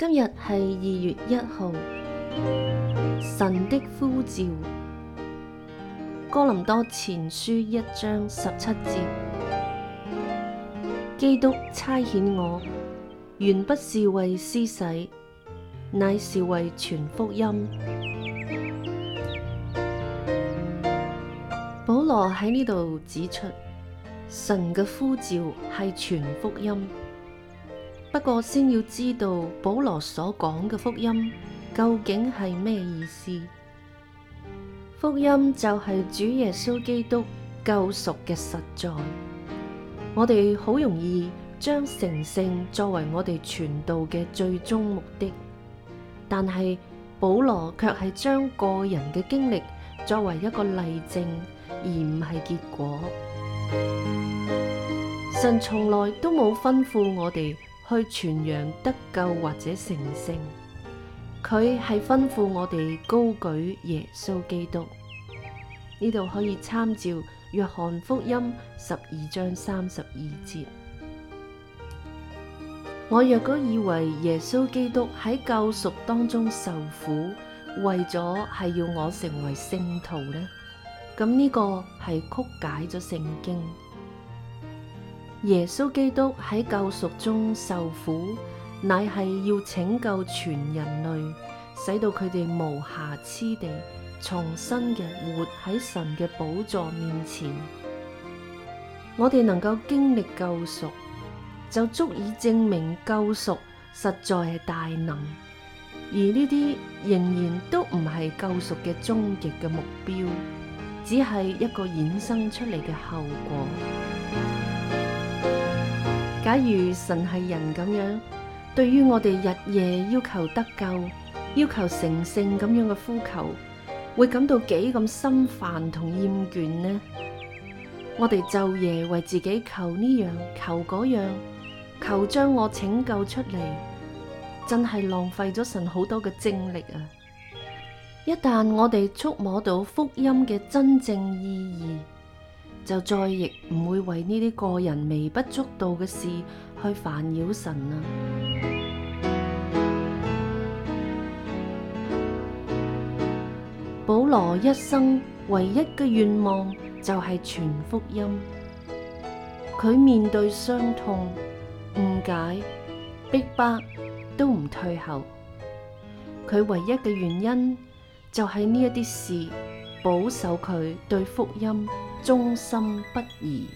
今日係二月一號。神的呼召，哥林多前書一章十七節：基督差遣我，原不是為施洗，乃是為傳福音。保羅喺呢度指出，神嘅呼召係傳福音。不過先要知道保羅所講嘅福音究竟係咩意思？福音就係主耶穌基督救贖嘅實在。我哋好容易將成聖作為我哋傳道嘅最終目的，但係保羅卻係將個人嘅經歷作為一個例證，而唔係結果。神從來都冇吩咐我哋。去傳揚得救或者成聖，佢係吩咐我哋高舉耶穌基督。呢度可以參照約翰福音十二章三十二節。我若果以為耶穌基督喺救贖當中受苦，為咗係要我成為聖徒呢，咁呢個係曲解咗聖經。耶穌基督喺救贖中受苦，乃係要拯救全人類，使到佢哋無瑕疵地重新嘅活喺神嘅寶座面前。我哋能夠經歷救贖，就足以證明救贖實在係大能。而呢啲仍然都唔係救贖嘅終極嘅目標，只係一個衍生出嚟嘅後果。假如神係人咁樣，對於我哋日夜要求得救、要求成聖咁樣嘅呼求，會感到幾咁心煩同厭倦呢？我哋晝夜為自己求呢樣、求嗰樣、求將我拯救出嚟，真係浪費咗神好多嘅精力啊！一旦我哋觸摸到福音嘅真正意義，就再亦唔會為呢啲個人微不足道嘅事去煩擾神啦。保羅一生唯一嘅願望就係傳福音，佢面對傷痛、誤解、逼迫都唔退後。佢唯一嘅原因就係呢一啲事保守佢對福音。忠心不移。